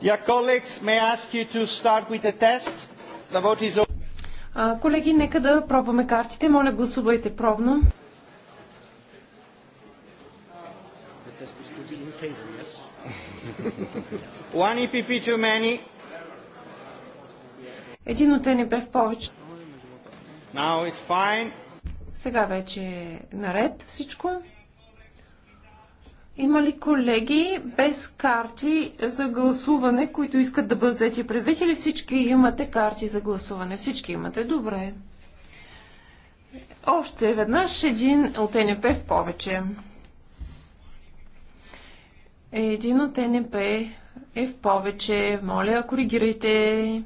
Yeah, colleagues, may I ask you to start with the test? The vote is open. А, колеги, нека да пробваме картите. Моля, гласувайте пробно. Favor, yes? One EPP too many. Един от НП в повече. Now is fine. Сега вече е наред всичко. Има ли колеги без карти за гласуване, които искат да бъдат взети предвид или всички имате карти за гласуване? Всички имате. Добре. Още веднъж един от НП в повече. Един от НП е в повече. Моля, коригирайте.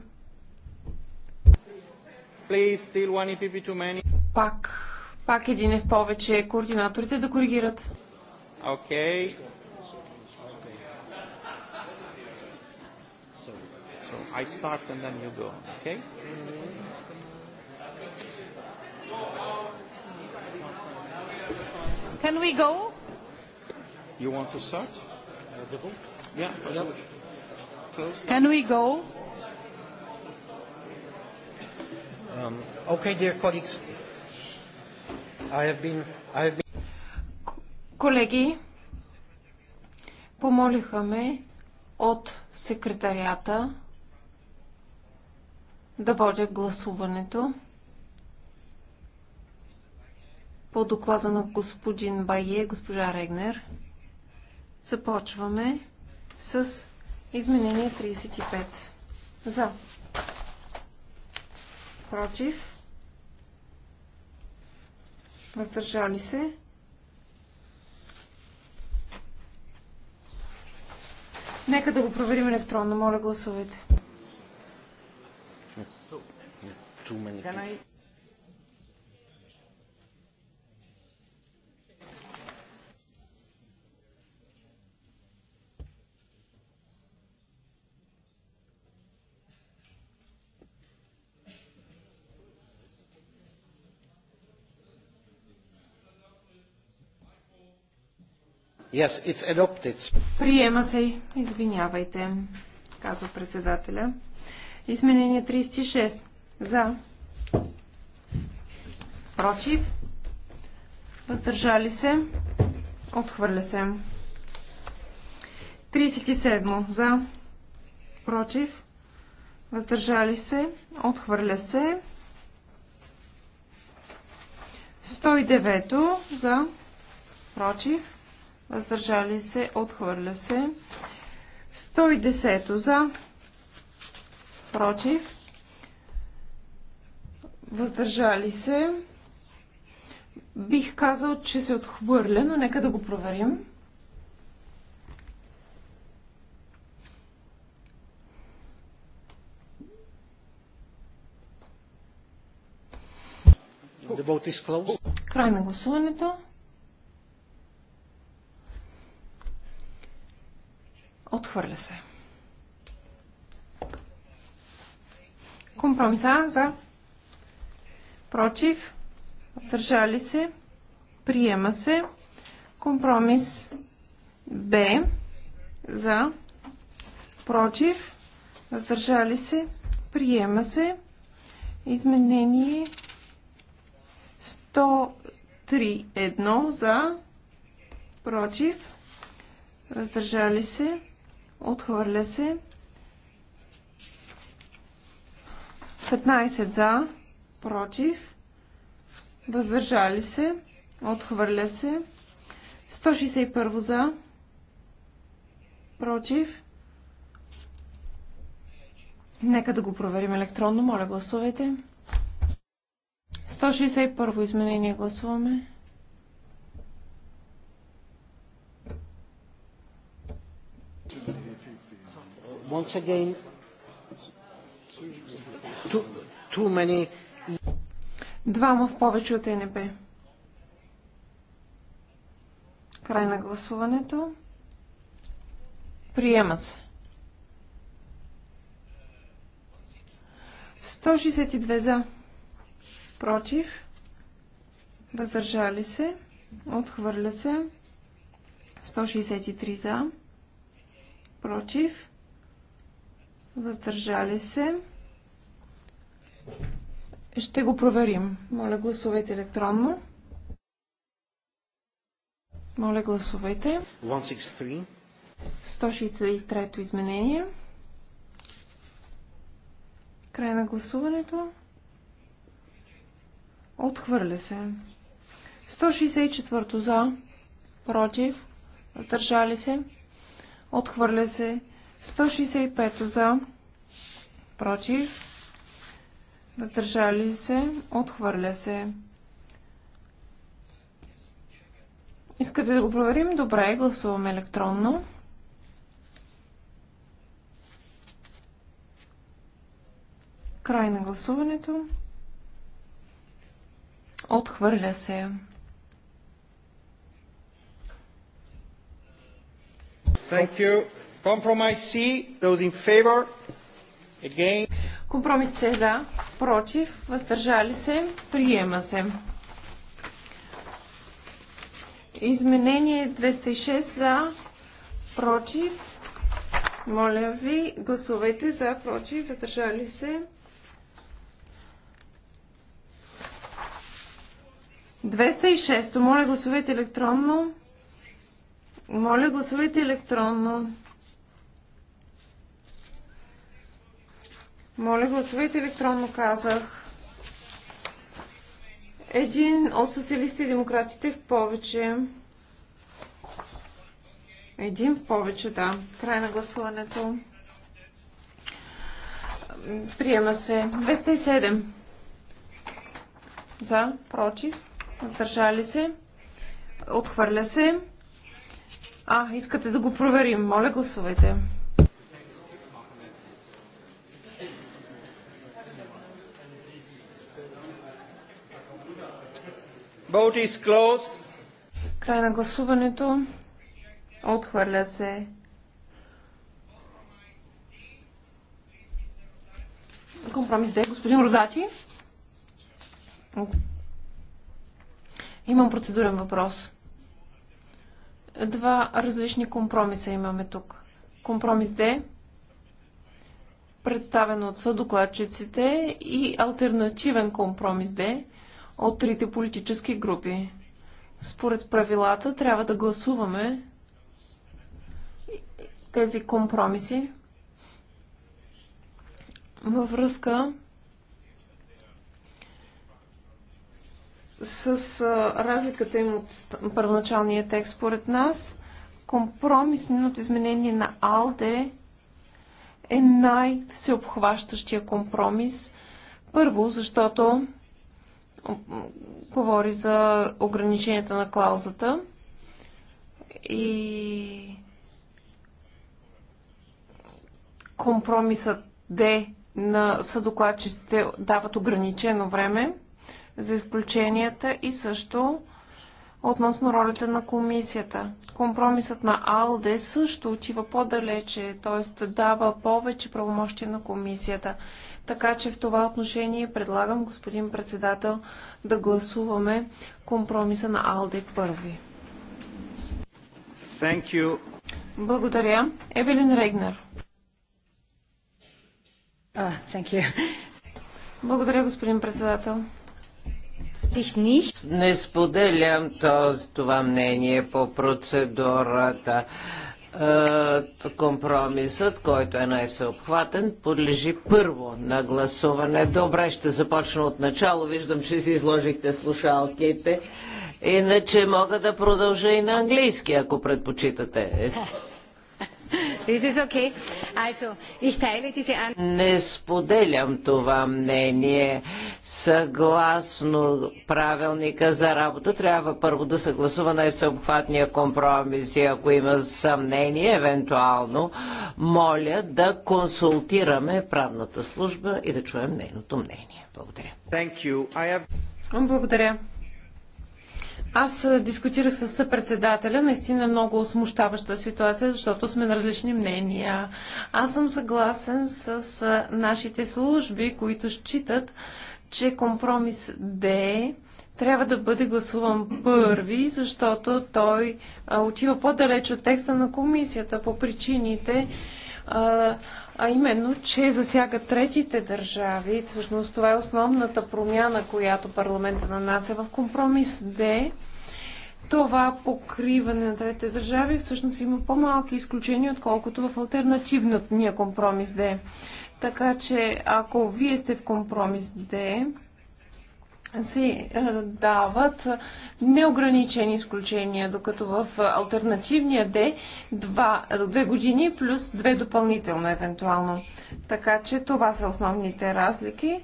Please, пак, пак един е в повече. Координаторите да коригират. Okay. So I start and then you go. Okay. Can we go? You want to start? Uh, the vote? Yeah. Yep. Close. Can we go? Um, okay, dear colleagues. I have been. I have been Колеги, помолиха ме от секретарията да водя гласуването по доклада на господин Бае, госпожа Регнер. Започваме с изменение 35. За. Против. Въздържали се. Нека да го проверим електронно. Моля, гласувайте. Yes, it's adopted. Приема се. Извинявайте, казва председателя. Изменение 36. За. Против. Въздържали се. Отхвърля се. 37. За. Против. Въздържали се. Отхвърля се. 109. За. Против въздържали се, отхвърля се. 110 за, против, въздържали се. Бих казал, че се отхвърля, но нека да го проверим. Край на гласуването. Отхвърля се. Компромиса за против. Въздържали се. Приема се. Компромис Б за против. Въздържали се. Приема се. Изменение 103.1 за против. Въздържали се. Отхвърля се. 15 за, против, въздържали се, отхвърля се. 161 за, против. Нека да го проверим електронно. Моля, гласувайте. 161 изменение гласуваме. Once again, too, too many... Двама в повече от ЕНП. Край на гласуването. Приема се. 162 за. Против. Въздържали се. Отхвърля се. 163 за. Против. Въздържали се. Ще го проверим. Моля, гласувайте електронно. Моля, гласувайте. 163. 163-то изменение. Край на гласуването. Отхвърля се. 164 за, против, въздържали се. Отхвърля се. 165 за, против, въздържали се, отхвърля се. Искате да го проверим? Добре, гласуваме електронно. Край на гласуването. Отхвърля се. Thank you. Компромис С за, против, въздържали се, приема се. Изменение 206 за, против. Моля ви, гласувайте за, против, въздържали се. 206. Моля, гласувайте електронно. Моля, гласувайте електронно. Моля, гласувайте електронно, казах. Един от социалистите и демократите в повече. Един в повече, да. Край на гласуването. Приема се. 207. За, против, въздържали се, отхвърля се. А, искате да го проверим. Моля, гласувайте. Край на гласуването. Отхвърля се. Компромис Д. Господин Розати. Имам процедурен въпрос. Два различни компромиса имаме тук. Компромис Д, представен от съдокладчиците и альтернативен компромис Д, от трите политически групи. Според правилата трябва да гласуваме тези компромиси във връзка с разликата им от първоначалния текст. Според нас компромисното изменение на АЛДЕ е най-всеобхващащия компромис. Първо, защото говори за ограниченията на клаузата и компромисът Д на съдокладчиците дават ограничено време за изключенията и също относно ролята на комисията. Компромисът на АЛДЕ също отива по-далече, т.е. дава повече правомощия на комисията. Така че в това отношение предлагам, господин председател, да гласуваме компромиса на АЛДЕ първи. Thank you. Благодаря. Евелин Регнер. Ah, thank you. Благодаря, господин председател. Не споделям този това мнение по процедурата е, компромисът, който е най-всеобхватен, подлежи първо на гласуване. Добре, ще започна от начало. Виждам, че си изложихте слушалките. Иначе мога да продължа и на английски, ако предпочитате. Okay. Also, diese... Не споделям това мнение. Съгласно правилника за работа, трябва първо да съгласува най-съобхватния компромис и ако има съмнение, евентуално, моля да консултираме правната служба и да чуем нейното мнение. Благодаря. Have... Благодаря. Аз дискутирах с съпредседателя, наистина много смущаваща ситуация, защото сме на различни мнения. Аз съм съгласен с нашите служби, които считат, че компромис Д трябва да бъде гласуван първи, защото той отива по-далеч от текста на комисията по причините, а именно, че засяга третите държави. Всъщност това е основната промяна, която парламента нанася в компромис Д. Това покриване на третите държави всъщност има по-малки изключения, отколкото в альтернативния компромис Д. Така че, ако вие сте в компромис Д, си е, дават неограничени изключения, докато в альтернативния Д две години плюс две допълнително евентуално. Така че това са основните разлики.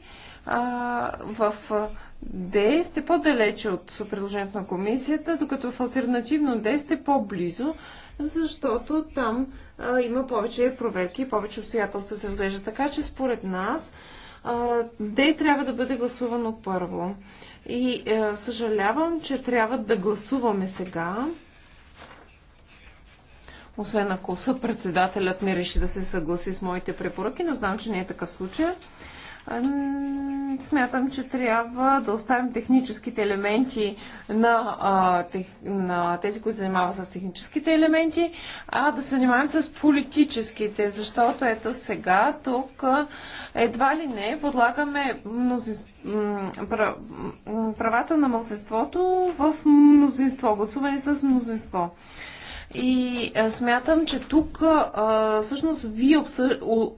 в Д сте по-далече от предложението на комисията, докато в альтернативно Д сте по-близо, защото там има повече проверки и повече обстоятелства се разглежда. Така че според нас д трябва да бъде гласувано първо. И е, съжалявам, че трябва да гласуваме сега. Освен ако съпредседателят не реши да се съгласи с моите препоръки, но знам, че не е такъв случай. Смятам, че трябва да оставим техническите елементи на, а, тех, на тези, които занимават с техническите елементи, а да се занимаваме с политическите, защото ето сега тук едва ли не подлагаме мнозинство, правата на мълцинството в мнозинство, гласуване с мнозинство. И смятам, че тук а, всъщност вие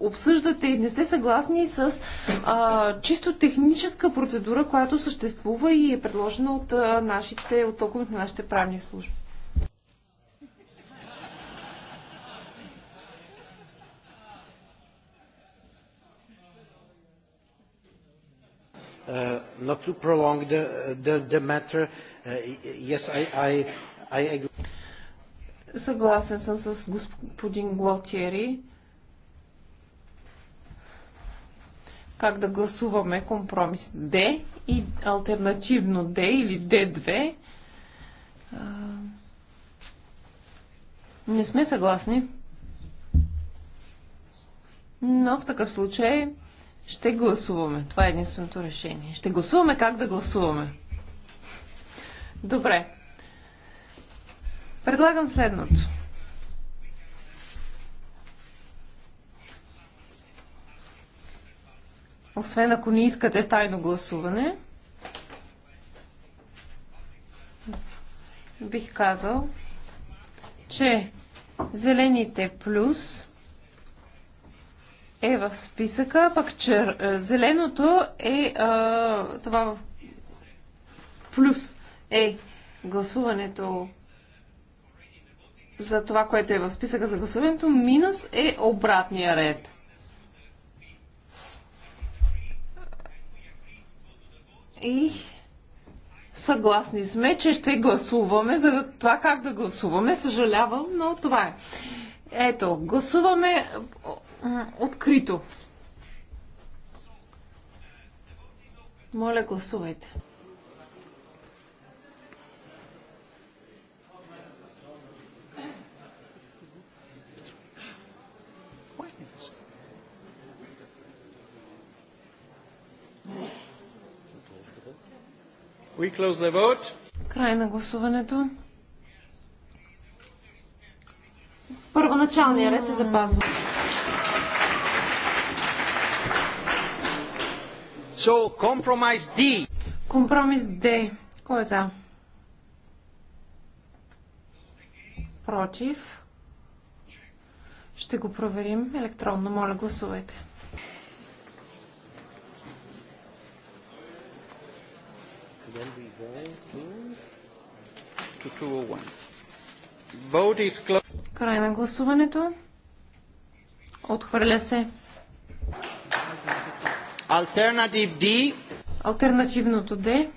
обсъждате и не сте съгласни с а, чисто техническа процедура, която съществува и е предложена от а, нашите, от толкова на нашите правни служби. Uh, not to prolong the, uh, the, the matter, uh, yes, I, I, I agree. Съгласен съм с господин Глотиери. Как да гласуваме компромис Д и альтернативно Д или д 2 Не сме съгласни. Но в такъв случай ще гласуваме. Това е единственото решение. Ще гласуваме как да гласуваме. Добре. Предлагам следното. Освен ако не искате тайно гласуване, бих казал, че зелените плюс е в списъка, пък чер... Е, зеленото е а, това в плюс е гласуването за това, което е в списъка за гласуването, минус е обратния ред. И съгласни сме, че ще гласуваме за това как да гласуваме. Съжалявам, но това е. Ето, гласуваме открито. Моля, гласувайте. We close the vote. Край на гласуването. Първоначалния ред се запазва. So, compromise D. Компромис Д. Кой е за? Против. Ще го проверим електронно. Моля, гласувайте. Край на гласуването. Отхвърля се. Альтернатив D. Альтернативното D.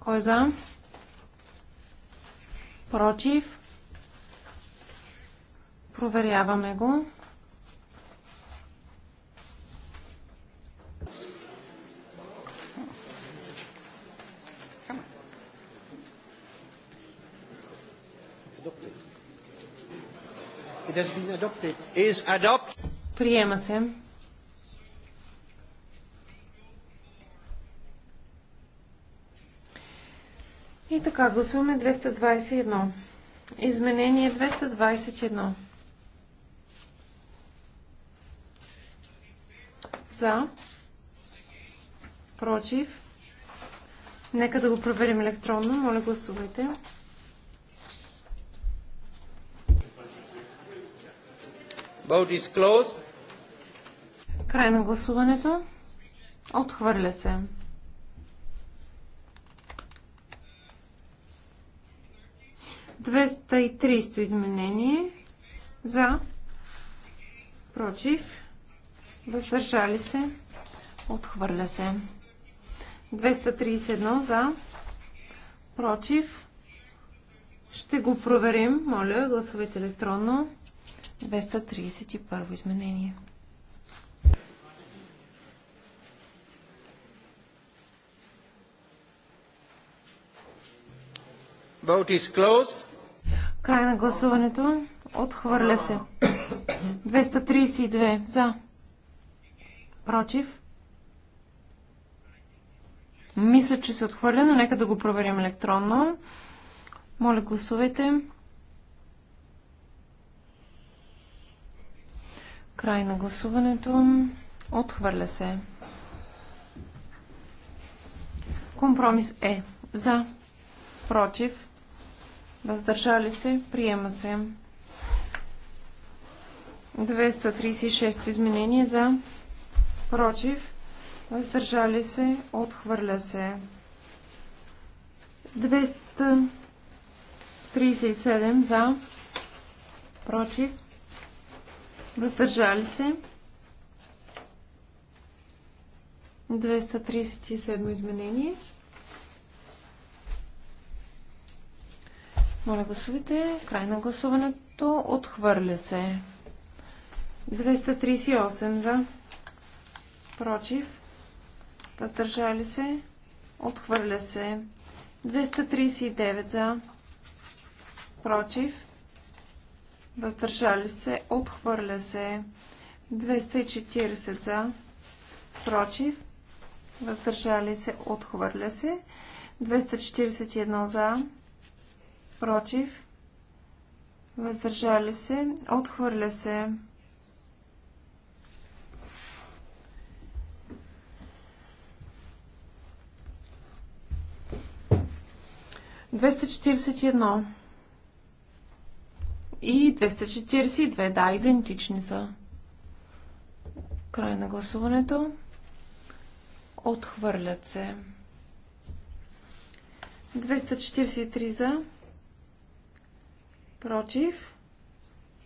Кой е за? Против. Проверяваме го. It has been adopted. Is adopt. Приема се. И така, гласуваме 221. Изменение 221. За. Против. Нека да го проверим електронно. Моля, гласувайте. Гласувайте. Vote is closed. Край на гласуването. Отхвърля се. Двеста и тристо изменение. За. Против. Въздържали се. Отхвърля се. 231 за. Против. Ще го проверим. Моля, гласувайте електронно. 231 изменение. Vote is closed. Край на гласуването. Отхвърля се. 232 за. Против. Мисля, че се отхвърля, но нека да го проверим електронно. Моля, гласувайте. Край на гласуването. Отхвърля се. Компромис е за, против, въздържали се, приема се. 236 изменение за, против, въздържали се, отхвърля се. 237 за, против, Въздържали се. 237 изменение. Моля гласувайте. Край на гласуването. Отхвърля се. 238 за. Против. Въздържали се. Отхвърля се. 239 за. Против въздържали се, отхвърля се. 240 за, против, въздържали се, отхвърля се. 241 за, против, въздържали се, отхвърля се. Двеста четиридесет едно и 242. Да, идентични са. Край на гласуването. Отхвърлят се. 243 за. Против.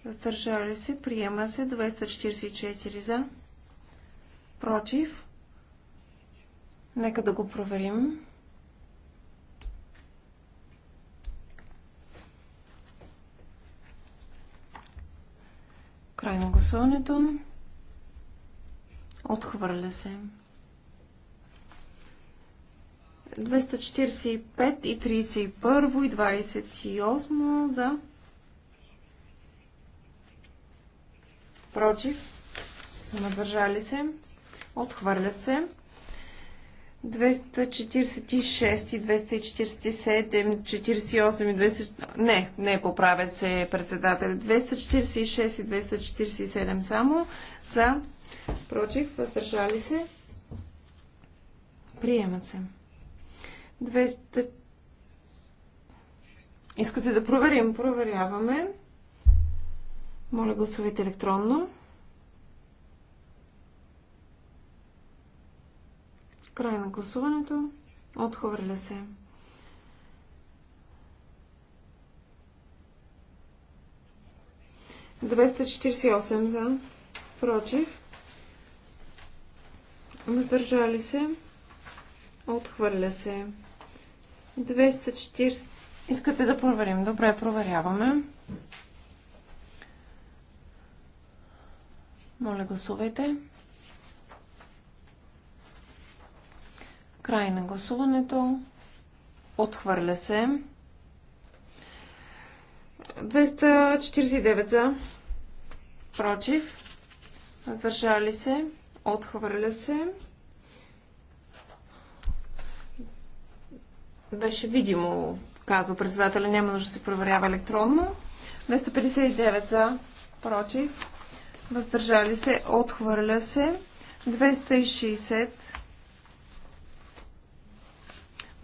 Въздържали се. Приема се. 244 за. Против. Нека да го проверим. Край на гласуването. Отхвърля се. 245 и 31 и 28 за против, Надържали се, отхвърлят се. 246 и 247, 48 и 200... Не, не, поправя се председател. 246 и 247 само. За, против, въздържали се. Приемат се. 200... Искате да проверим? Проверяваме. Моля, гласувайте електронно. Край на гласуването. Отхвърля се. Двеста за. Против. Въздържали се. Отхвърля се. 240. Искате да проверим? Добре, проверяваме. Моля, гласувайте. Край на гласуването. Отхвърля се. 249 за. Против. Въздържали се. Отхвърля се. Беше видимо, казва председателя. Няма нужда да се проверява електронно. 259 за. Против. Въздържали се. Отхвърля се. 260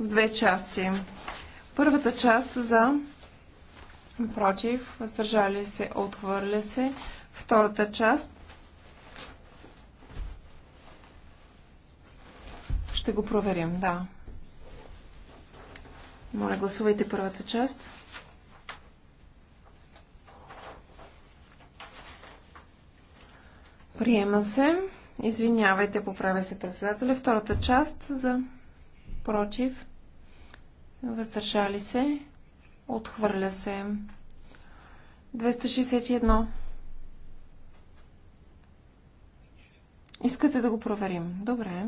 в две части. Първата част за против, въздържали се, отхвърля се. Втората част ще го проверим, да. Моля, гласувайте първата част. Приема се. Извинявайте, поправя се председателя. Втората част за против. Въздържали се. Отхвърля се. 261. Искате да го проверим. Добре.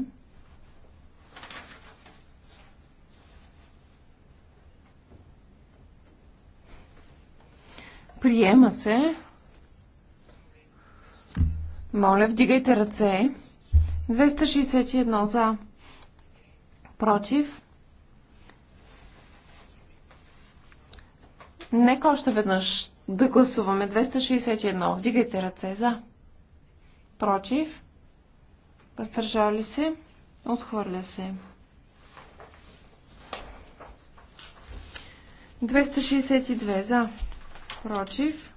Приема се. Моля, вдигайте ръце. 261 за. Против. Нека още веднъж да гласуваме 261. Вдигайте ръце за. Против. Въздържали се. Отхвърля се. 262 за. Против.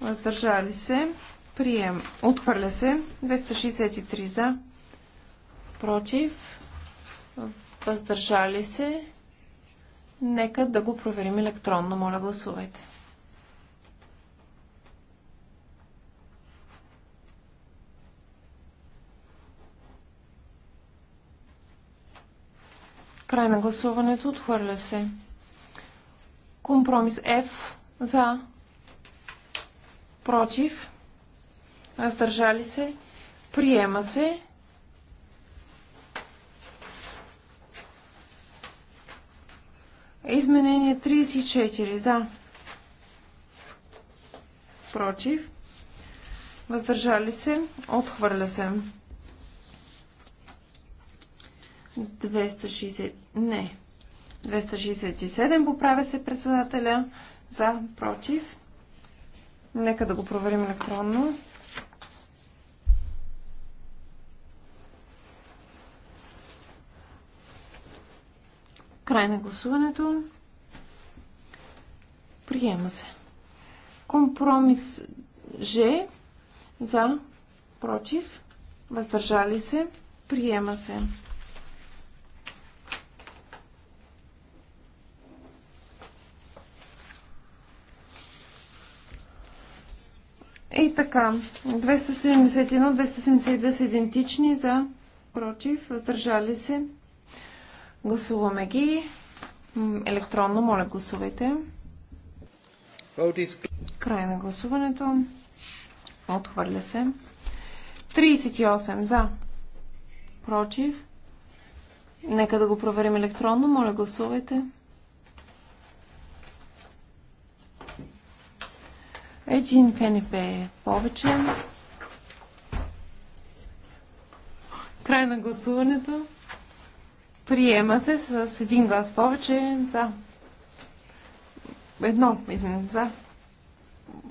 Въздържали се. Прием. Отхвърля се. 263 за. Против. Въздържали се. Нека да го проверим електронно. Моля, гласувайте. Край на гласуването. Отхвърля се. Компромис F за против. Раздържали се. Приема се. Изменение 34 за. Против. Въздържали се. Отхвърля се. 260. Не. 267 поправя се председателя. За. Против. Нека да го проверим електронно. Край на гласуването. Приема се. Компромис Ж за, против, въздържали се, приема се. И така, 271, 272 са идентични за, против, въздържали се, Гласуваме ги. Електронно, моля, гласувайте. Край на гласуването. Отхвърля се. 38 за. Против. Нека да го проверим електронно. Моля, гласувайте. Един ФНП е повече. Край на гласуването. Приема се с един глас повече за. Едно изменение за.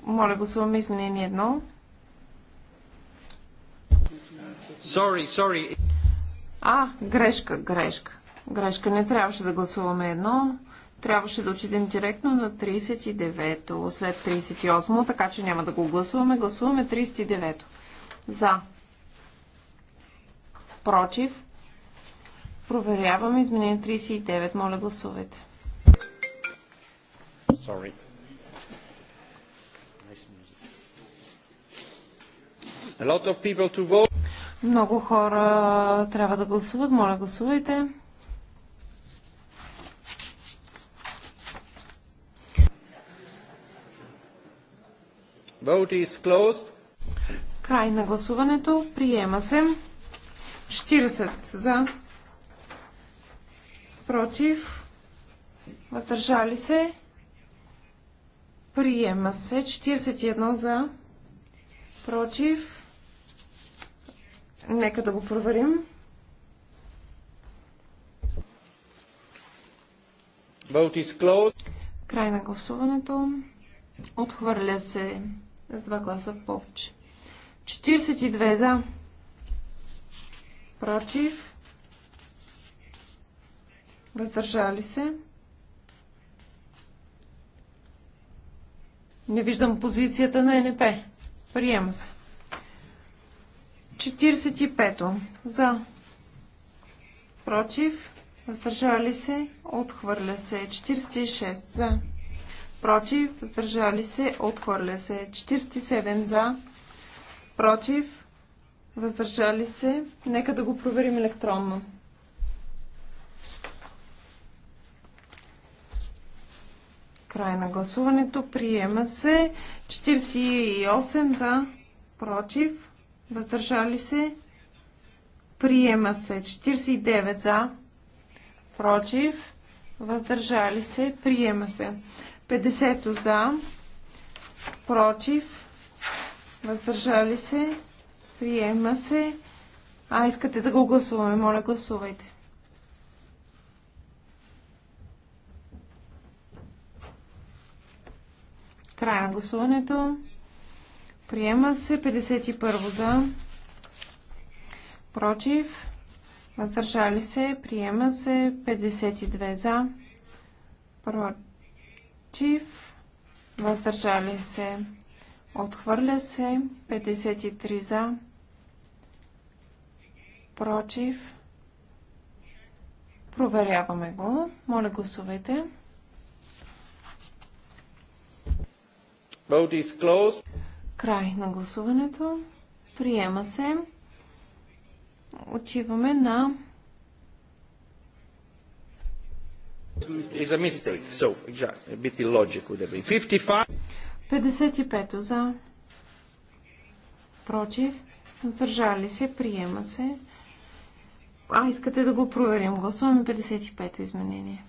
Моля, гласуваме изменение едно. Sorry, sorry. А, грешка, грешка. Грешка. Не трябваше да гласуваме едно. Трябваше да отидем директно на 39-то, след 38-то, така че няма да го гласуваме. Гласуваме 39-то. За. Против. Проверяваме изменение 39. Моля, гласувайте. Sorry. A lot of people to vote. Много хора трябва да гласуват. Моля, гласувайте. Vote is closed. Край на гласуването. Приема се. 40 за, против, въздържали се, приема се. 41 за, против, нека да го проверим. Vote is closed. Край на гласуването. Отхвърля се с два гласа повече. 42 за. Против. Въздържали се. Не виждам позицията на НП. Приема се. 45-то. За. Против. Въздържали се. Отхвърля се. 46 за. Против. Въздържали се. Отхвърля се. 47 за. Против. Въздържали се. Нека да го проверим електронно. Край на гласуването. Приема се 48 за, против, въздържали се. Приема се 49 за, против, въздържали се. Приема се 50 за, против, въздържали се. Приема се. А, искате да го гласуваме. Моля, гласувайте. Края на гласуването. Приема се 51 за. Против. Въздържали се. Приема се 52 за. Против. Въздържали се. Отхвърля се 53 за. Против. Проверяваме го. Моля гласувайте. Край на гласуването. Приема се. Отиваме на is a mistake. So, exactly, a bit illogical. 55. 55 за. Против. Въздържали се. Приема се. А, искате да го проверим. Гласуваме 55-то изменение.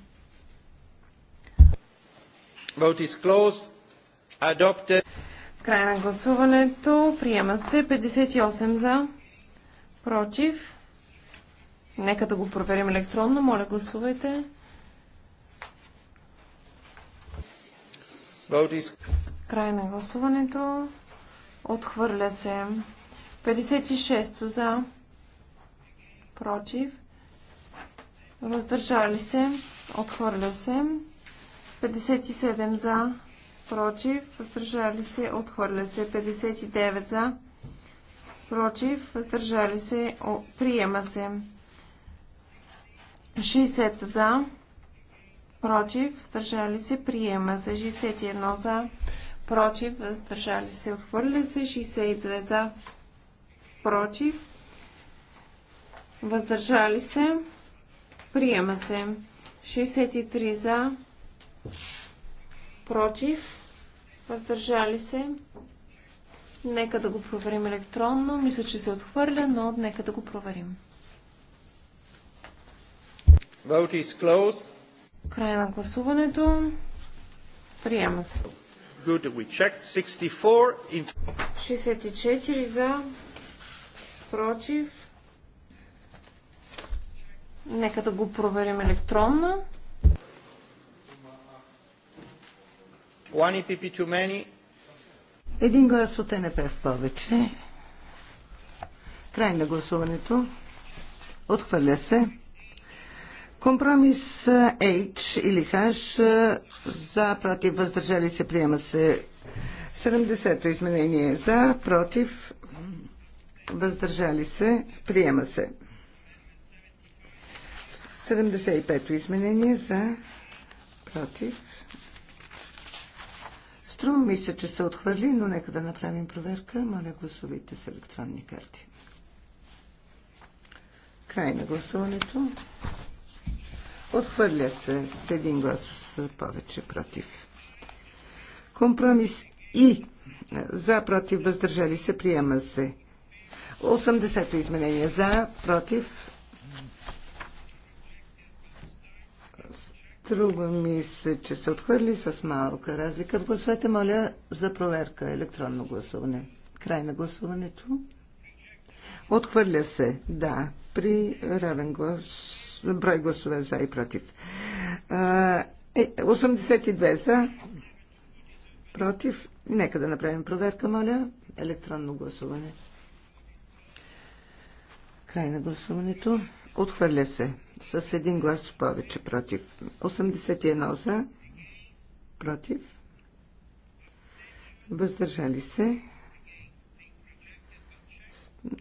Vote is closed. Adopted. Край на гласуването. Приема се 58 за. Против. Нека да го проверим електронно. Моля, гласувайте. Край на гласуването. Отхвърля се. 56 за. Против. Въздържали се. Отхвърля се. 57 за против, въздържали се, отхвърля се. 59 за, против, въздържали се, о, приема се. 60 за, против, въздържали се, приема се. 61 за, против, въздържали се, отхвърля се. 62 за, против, въздържали се, приема се. 63 за, против, Въздържали се. Нека да го проверим електронно. Мисля, че се отхвърля, но нека да го проверим. Vote is closed. Край на гласуването. Приема се. Good, we checked. 64 in... 64 за, против. Нека да го проверим електронно. One EPP too many. Един глас от НП в повече. Край на гласуването. Отхвърля се. Компромис е, H или H за, против, въздържали се, приема се 70-то изменение е за, против, въздържали се, приема се. 75-то изменение е за, против, Струва ми се, че се отхвърли, но нека да направим проверка. Моля, гласувайте с електронни карти. Край на гласуването. Отхвърля се с един глас с повече против. Компромис и за, против, въздържали се, приема се. 80-то изменение за, против, Струва ми се, че се отхвърли с малка разлика в гласовете. Моля за проверка. Електронно гласуване. Край на гласуването. Отхвърля се, да, при равен глас, брой гласове за и против. 82 е, за, против. Нека да направим проверка, моля. Електронно гласуване. Край на гласуването. Отхвърля се с един глас повече против. 81 за, против, въздържали се.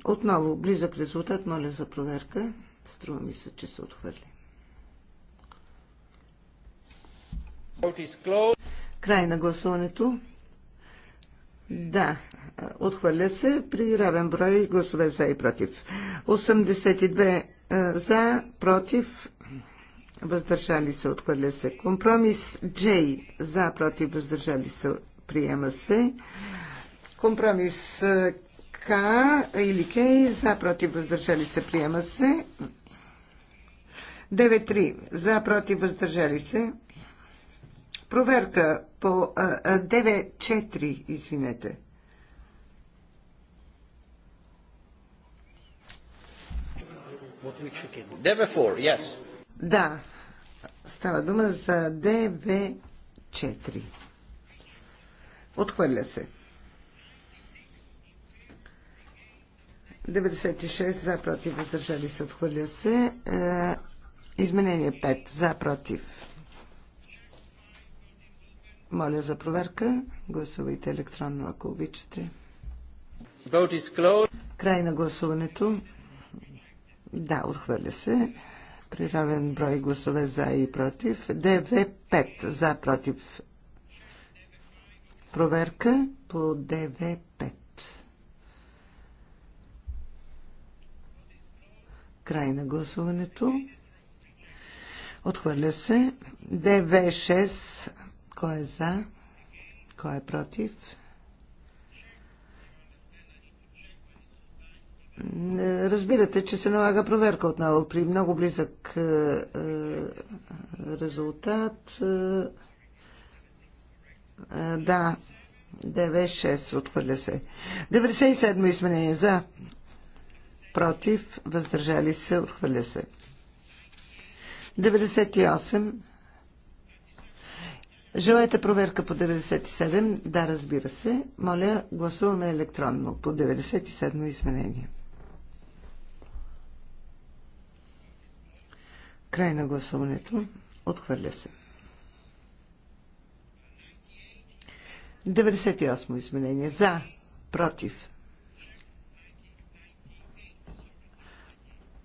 Отново близък резултат, моля за проверка. Струва ми се, че се отхвърли. Край на гласуването. Да, отхвърля се при равен брой гласове за и против. 82 за, против, въздържали се, отхвърля се. Компромис J за, против, въздържали се, приема се. Компромис е, К или К за, против, въздържали се, приема се. 9.3 за, против, въздържали се. Проверка по 9.4, е, е, извинете. 4 Да, става дума за DV4. Отхвърля се. 96 за против, въздържали се, отхвърля се. Е, изменение 5 за против. Моля за проверка. Гласувайте електронно, ако обичате. Край на гласуването. Да, отхвърля се. При равен брой гласове за и против. ДВ5 за против. Проверка по ДВ5. Край на гласуването. Отхвърля се. ДВ6. Кой е за? Кой е против? Разбирате, че се налага проверка отново при много близък е, е, резултат. Е, да, 9-6 отхвърля се. 97 изменение за. Против, въздържали се, отхвърля се. 98. Желаете проверка по 97? Да, разбира се. Моля, гласуваме електронно по 97 изменение. Край на гласуването. Отхвърля се. 98 изменение. За. Против.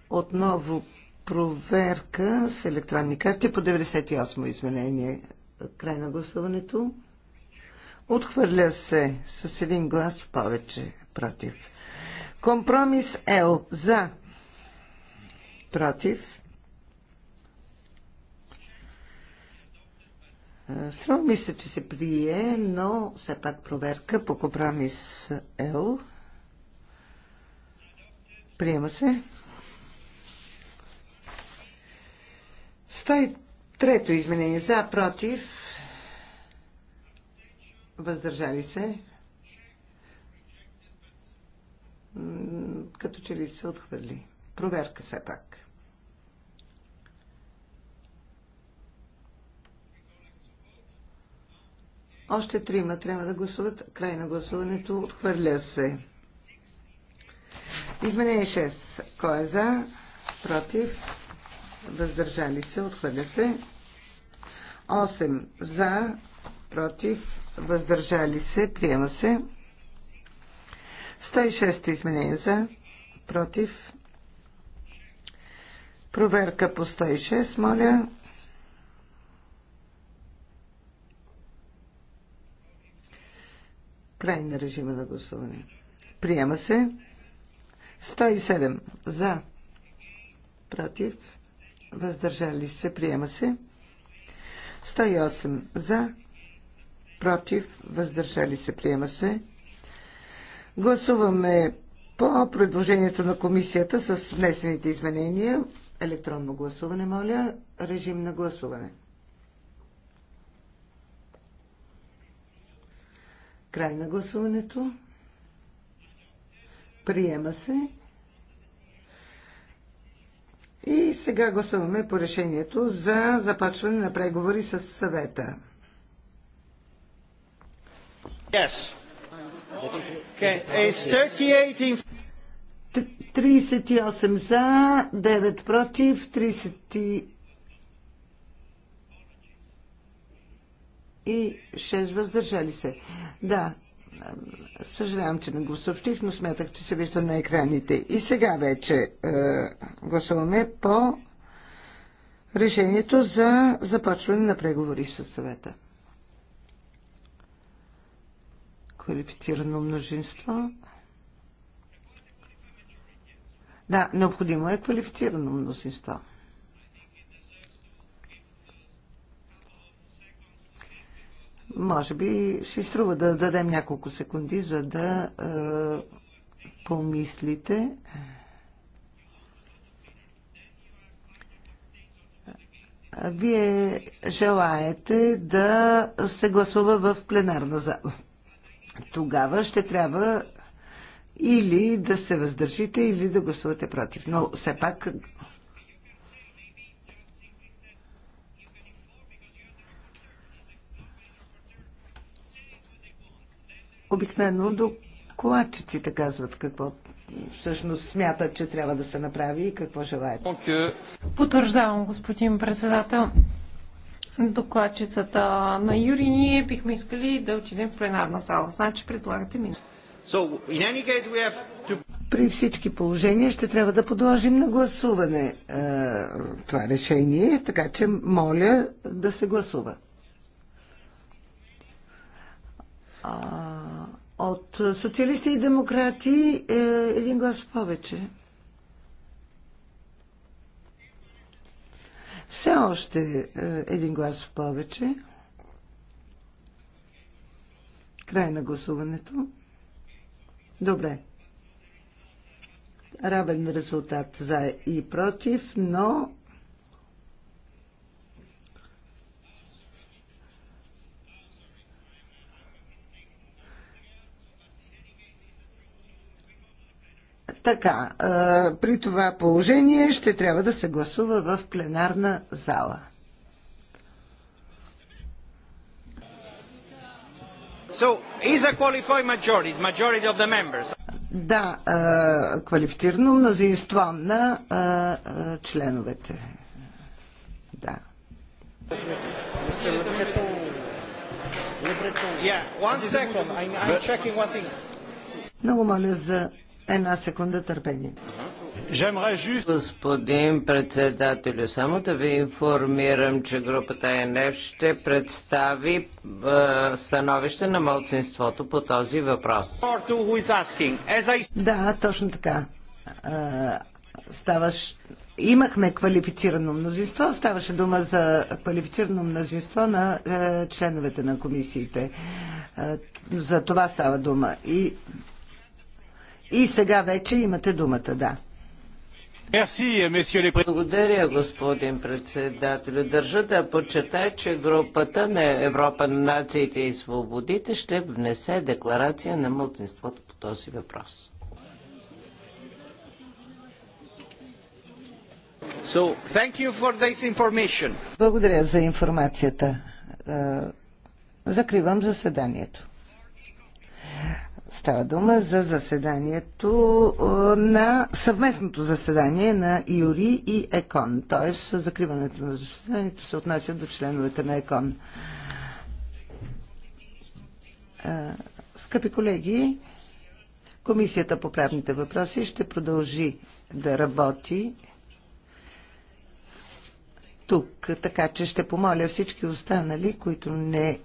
Отново проверка с електронни карти по 98 изменение. Край на гласуването. Отхвърля се с един глас повече против. Компромис Л за против. Е, Строго мисля, че се прие, но все пак проверка по компромис Л. Приема се. Стои трето изменение за, против, въздържали се. Като че ли се отхвърли. Проверка все пак. Още трима трябва да гласуват. Край на гласуването. Отхвърля се. Изменение 6. Кой е за? Против? Въздържали се? Отхвърля се. 8. За? Против? Въздържали се? Приема се. 106 изменение за? Против? Проверка по 106. Моля. Край на режима на гласуване. Приема се. 107 за. Против. Въздържали се. Приема се. 108 за. Против. Въздържали се. Приема се. Гласуваме по предложението на комисията с внесените изменения. Електронно гласуване, моля. Режим на гласуване. Край на гласуването. Приема се. И сега гласуваме по решението за започване на преговори с съвета. Yes. Okay. 38... 38 за, 9 против, и 6 въздържали се. Да, съжалявам, че не го съобщих, но смятах, че се вижда на екраните. И сега вече е, гласуваме по решението за започване на преговори с съвета. Квалифицирано множество. Да, необходимо е квалифицирано мнозинство. Може би ще струва да дадем няколко секунди, за да е, помислите. Вие желаете да се гласува в пленарна зала. Тогава ще трябва или да се въздържите, или да гласувате против. Но все пак Обикновено колачиците казват какво всъщност смятат, че трябва да се направи и какво желаят. Okay. Потвърждавам, господин председател. Докладчицата на Юри, ние бихме искали да отидем в пленарна зала. Значи предлагате ми. So, to... При всички положения ще трябва да подложим на гласуване е, това решение, така че моля да се гласува. А... От социалисти и демократи е един глас повече. Все още е, един глас в повече. Край на гласуването. Добре. Равен резултат за и против, но Така, при това положение ще трябва да се гласува в пленарна зала. Да, квалифицирано мнозинство на членовете. Да. Много моля за Една секунда търпение. Господин председател, само да ви информирам, че групата ЕНФ ще представи е, становище на малцинството по този въпрос. Да, точно така. Е, ставаш... Имахме квалифицирано мнозинство, ставаше дума за квалифицирано мнозинство на е, членовете на комисиите. Е, за това става дума. И и сега вече имате думата, да. Благодаря, господин председател. Държа да подчертая, че групата на Европа на нациите и свободите ще внесе декларация на мълтинството по този въпрос. So, Благодаря за информацията. Е, закривам заседанието. Става дума за заседанието на съвместното заседание на Юри и ЕКОН. Т.е. закриването на заседанието се отнася до членовете на ЕКОН. Скъпи колеги, Комисията по правните въпроси ще продължи да работи тук, така че ще помоля всички останали, които не